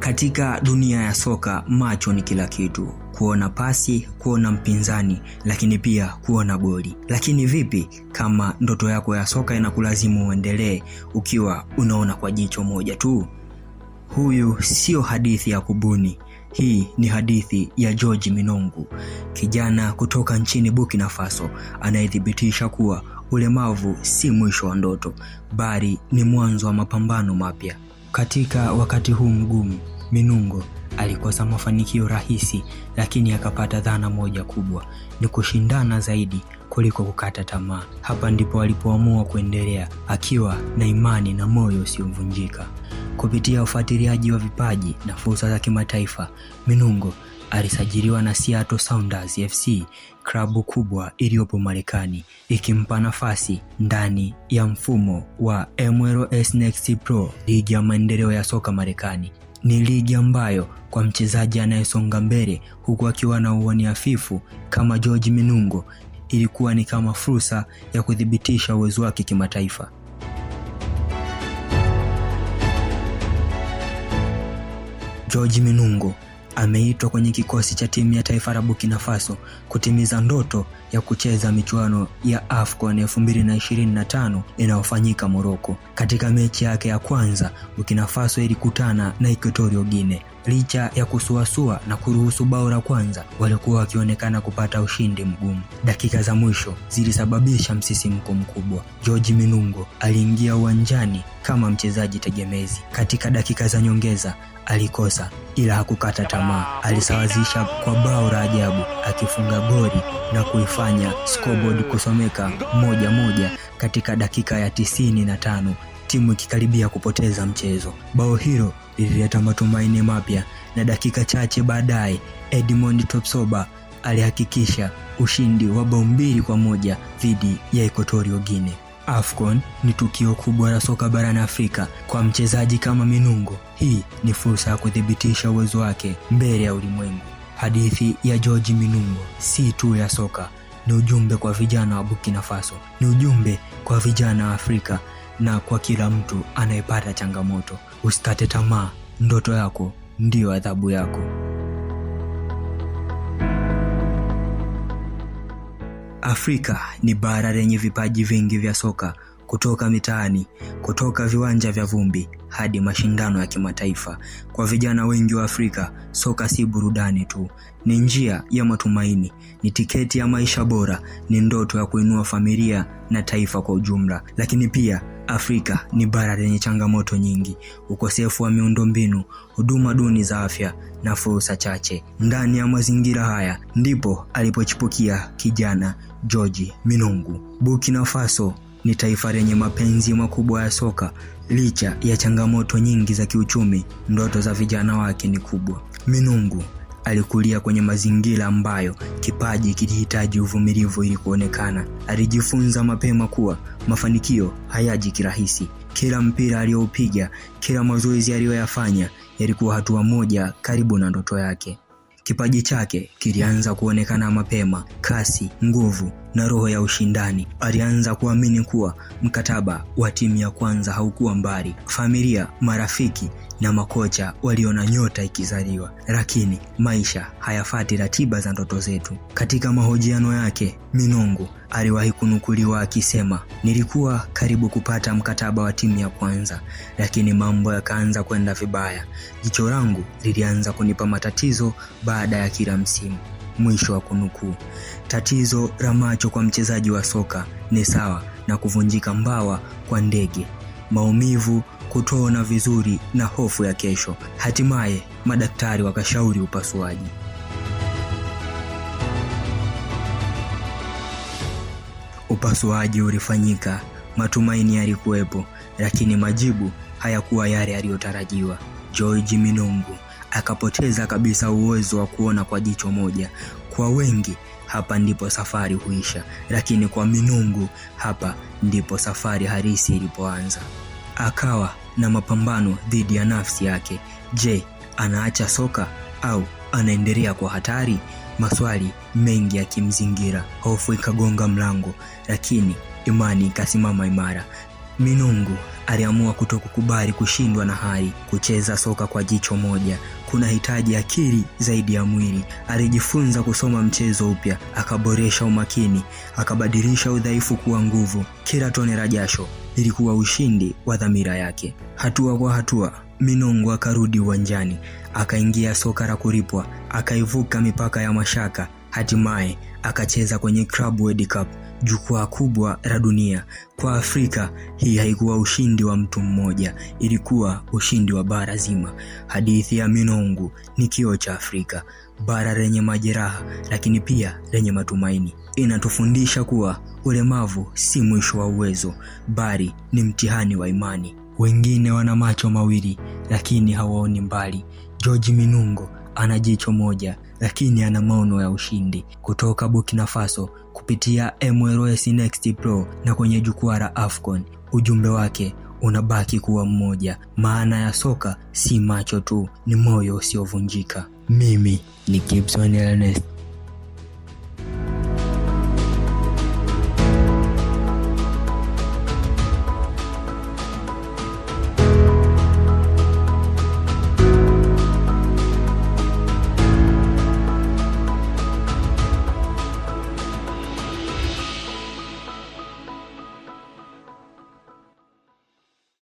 Katika dunia ya soka macho ni kila kitu, kuona pasi, kuona mpinzani, lakini pia kuona goli. Lakini vipi kama ndoto yako ya soka inakulazimu uendelee ukiwa unaona kwa jicho moja tu? Huyu sio hadithi ya kubuni. Hii ni hadithi ya George Minongu, kijana kutoka nchini Burkina Faso anayethibitisha kuwa ulemavu si mwisho wa ndoto, bali ni mwanzo wa mapambano mapya. Katika wakati huu mgumu, Minungo alikosa mafanikio rahisi, lakini akapata dhana moja kubwa: ni kushindana zaidi kuliko kukata tamaa. Hapa ndipo alipoamua kuendelea, akiwa na imani na moyo usiovunjika. Kupitia ufuatiliaji wa vipaji na fursa za kimataifa, Minungo Alisajiliwa na Seattle Sounders FC, klabu kubwa iliyopo Marekani, ikimpa nafasi ndani ya mfumo wa MLS Next Pro, ligi ya maendeleo ya soka Marekani. Ni ligi ambayo kwa mchezaji anayesonga mbele huku akiwa na uoni hafifu kama George Minungo, ilikuwa ni kama fursa ya kuthibitisha uwezo wake kimataifa. George Minungo ameitwa kwenye kikosi cha timu ya taifa la Burkina Faso kutimiza ndoto ya kucheza michuano ya AFCON 2025 inayofanyika Morocco. Katika mechi yake ya kwanza, Burkina Faso ilikutana na Equatorial Guinea. Licha ya kusuasua na kuruhusu bao la kwanza, walikuwa wakionekana kupata ushindi mgumu. Dakika za mwisho zilisababisha msisimko mkubwa. George Minungo aliingia uwanjani kama mchezaji tegemezi. Katika dakika za nyongeza alikosa, ila hakukata tamaa. Alisawazisha kwa bao la ajabu, akifunga goli na kuifanya scoreboard kusomeka moja moja katika dakika ya tisini na tano timu ikikaribia kupoteza mchezo. Bao hilo lilileta matumaini mapya na dakika chache baadaye Edmond Topsoba alihakikisha ushindi wa bao mbili kwa moja dhidi ya Equatorial Guinea. AFCON ni tukio kubwa la soka barani Afrika kwa mchezaji kama Minungo. Hii ni fursa ya kuthibitisha uwezo wake mbele ya ulimwengu. Hadithi ya George Minungo si tu ya soka ni ujumbe kwa vijana wa Burkina Faso, ni ujumbe kwa vijana wa Afrika na kwa kila mtu anayepata changamoto. Usikate tamaa, ndoto yako ndiyo adhabu yako. Afrika ni bara lenye vipaji vingi vya soka kutoka mitaani, kutoka viwanja vya vumbi hadi mashindano ya kimataifa. Kwa vijana wengi wa Afrika, soka si burudani tu, ni njia ya matumaini, ni tiketi ya maisha bora, ni ndoto ya kuinua familia na taifa kwa ujumla. Lakini pia Afrika ni bara lenye changamoto nyingi: ukosefu wa miundombinu, huduma duni za afya na fursa chache. Ndani ya mazingira haya ndipo alipochipukia kijana George Minungu. Burkina Faso ni taifa lenye mapenzi makubwa ya soka. Licha ya changamoto nyingi za kiuchumi, ndoto za vijana wake ni kubwa. Minungu alikulia kwenye mazingira ambayo kipaji kilihitaji uvumilivu ili kuonekana. Alijifunza mapema kuwa mafanikio hayaji kirahisi. Kila mpira aliyoupiga, kila mazoezi aliyoyafanya yalikuwa hatua moja karibu na ndoto yake. Kipaji chake kilianza kuonekana mapema: kasi, nguvu na roho ya ushindani. Alianza kuamini kuwa mkataba wa timu ya kwanza haukuwa mbali. Familia, marafiki na makocha waliona nyota ikizaliwa, lakini maisha hayafati ratiba za ndoto zetu. Katika mahojiano yake, Minungu aliwahi kunukuliwa akisema, nilikuwa karibu kupata mkataba wa timu ya kwanza, lakini mambo yakaanza kwenda vibaya. Jicho langu lilianza kunipa matatizo baada ya kila msimu. Mwisho wa kunukuu. Tatizo la macho kwa mchezaji wa soka ni sawa na kuvunjika mbawa kwa ndege, maumivu, kutoona vizuri na hofu ya kesho. Hatimaye madaktari wakashauri upasuaji. Upasuaji ulifanyika, matumaini yalikuwepo, lakini majibu hayakuwa yale yaliyotarajiwa. George Minungu akapoteza kabisa uwezo wa kuona kwa jicho moja. Kwa wengi hapa ndipo safari huisha, lakini kwa Minungu hapa ndipo safari halisi ilipoanza. Akawa na mapambano dhidi ya nafsi yake. Je, anaacha soka au anaendelea kwa hatari? Maswali mengi yakimzingira. Hofu ikagonga mlango, lakini imani ikasimama imara. Minungu aliamua kutokukubali kushindwa na hali. Kucheza soka kwa jicho moja kuna hitaji akili zaidi ya mwili. Alijifunza kusoma mchezo upya, akaboresha umakini, akabadilisha udhaifu kuwa nguvu. Kila tone la jasho lilikuwa ushindi wa dhamira yake. Hatua kwa hatua, Minongo akarudi uwanjani, akaingia soka la kulipwa, akaivuka mipaka ya mashaka, hatimaye akacheza kwenye Club World Cup jukwaa kubwa la dunia. Kwa Afrika, hii haikuwa ushindi wa mtu mmoja, ilikuwa ushindi wa bara zima. Hadithi ya Minongu ni kioo cha Afrika, bara lenye majeraha lakini pia lenye matumaini. Inatufundisha kuwa ulemavu si mwisho wa uwezo, bali ni mtihani wa imani. Wengine wana macho mawili lakini hawaoni mbali. George Minungo ana jicho moja lakini ana maono ya ushindi. Kutoka Burkina Faso kupitia MLOS Next Pro na kwenye jukwaa la AFCON. Ujumbe wake unabaki kuwa mmoja, maana ya soka si macho tu, ni moyo usiovunjika. Mimi ni Gibson Ernest.